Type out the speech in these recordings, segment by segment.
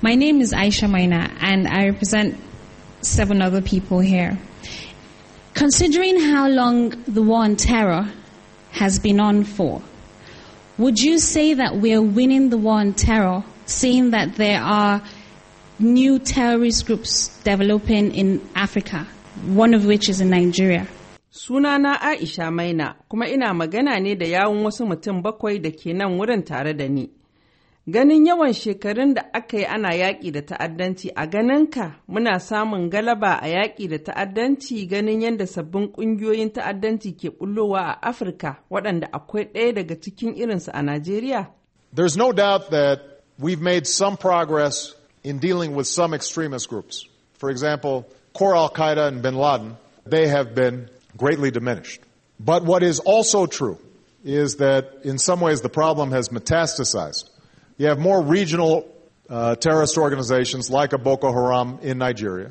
My name is Aisha Maina, and I represent seven other people here. Considering how long the war on terror has been on for, would you say that we're winning the war on terror, seeing that there are new terrorist groups developing in Africa, one of which is in Nigeria? Sunana Aisha Maina, kuma ina magana ne da yawun wasu mutum bakwai da ke nan wurin tare da ni. Ganin yawan shekarun da aka yi ana yaƙi da ta'addanci a ganinka muna samun galaba a yaƙi da ta'addanci ganin yadda sabbin ƙungiyoyin ta'addanci ke a Afirka waɗanda akwai ɗaya daga cikin irinsu a Najeriya. There's no doubt that we've made some progress in dealing with some extremist groups. For example, core Al Qaeda and bin Laden, they have been greatly diminished. But what is also true is that in some ways the problem has metastasized. You have more regional uh, terrorist organizations like a Boko Haram in Nigeria.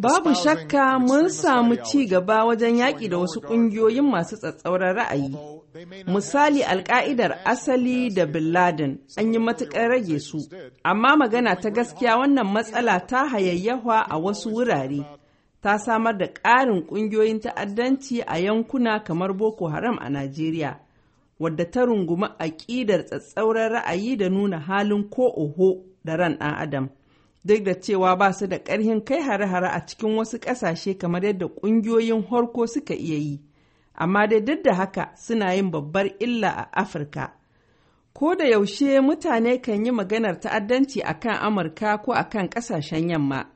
Babu shakka mun samu ci gaba wajen yaƙi da wasu ƙungiyoyin masu tsatsauran ra'ayi. Misali alka'idar asali da Bin Laden an yi matuƙar rage su, amma magana ta gaskiya wannan matsala ta hayayyawa a wasu wurare. Ta samar da ƙarin ƙungiyoyin ta'addanci a yankuna kamar Boko Haram a Najeriya. wadda ta rungumi aƙidar tsatsauran ra'ayi da nuna halin ko oho da ran ɗan adam duk da cewa ba su da ƙarhin kai hare-hare a cikin wasu ƙasashe kamar yadda ƙungiyoyin horko suka iya yi amma dai duk da haka suna yin babbar illa a afirka ko da yaushe mutane kan yi maganar ta'addanci akan amurka ko akan ƙasashen yamma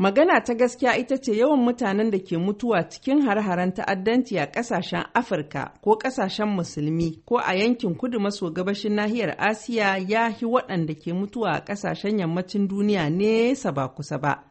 Magana ta gaskiya ita ce yawan mutanen da ke mutuwa cikin har-haren ta'addanci a ƙasashen Afirka ko ƙasashen Musulmi ko a yankin kudu maso gabashin nahiyar Asiya ya hi waɗanda ke mutuwa a ƙasashen yammacin duniya nesa ba kusa ba.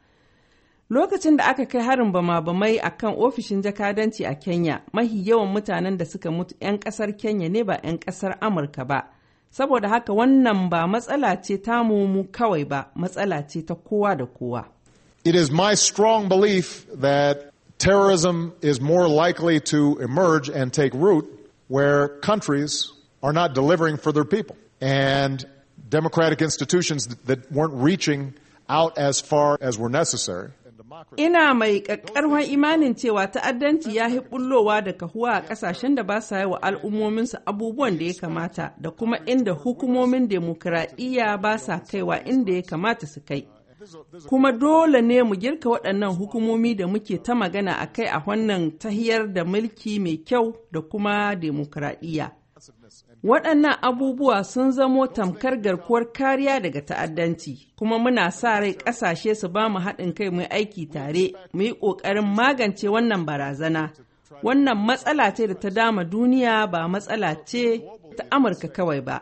Lokacin da aka kai harin bama-bamai a kan ofishin jakadanci a Kenya, mahi yawan mutanen da suka mutu 'yan ƙasar Kenya ne ba 'yan ƙasar Amurka ba. Saboda haka wannan ba matsala ce ta mu kawai ba, matsala ce ta kowa da kowa. It is my strong belief that terrorism is more likely to emerge and take root where countries are not delivering for their people and democratic institutions that weren't reaching out as far as were necessary. Ina mai kakkarwan imanin cewa ta'addanci ya fi bullowa da kahuwa a kasashen da ba sa yi wa al'ummominsu abubuwan da ya kamata da kuma inda hukumomin demokuraɗiyya ba sa kaiwa inda ya kamata su kai. Kuma dole ne mu girka waɗannan hukumomi da muke ta magana a kai a wannan tahiyar da mulki mai kyau da kuma demokuraɗiyya. Waɗannan abubuwa sun zamo tamkar garkuwar kariya daga ta'addanci, kuma muna sa rai ƙasashe su ba mu haɗin kai mai aiki tare, mu yi ƙoƙarin magance wannan barazana. Wannan matsala ce da ta dama duniya ba matsala ce ta Amurka kawai ba.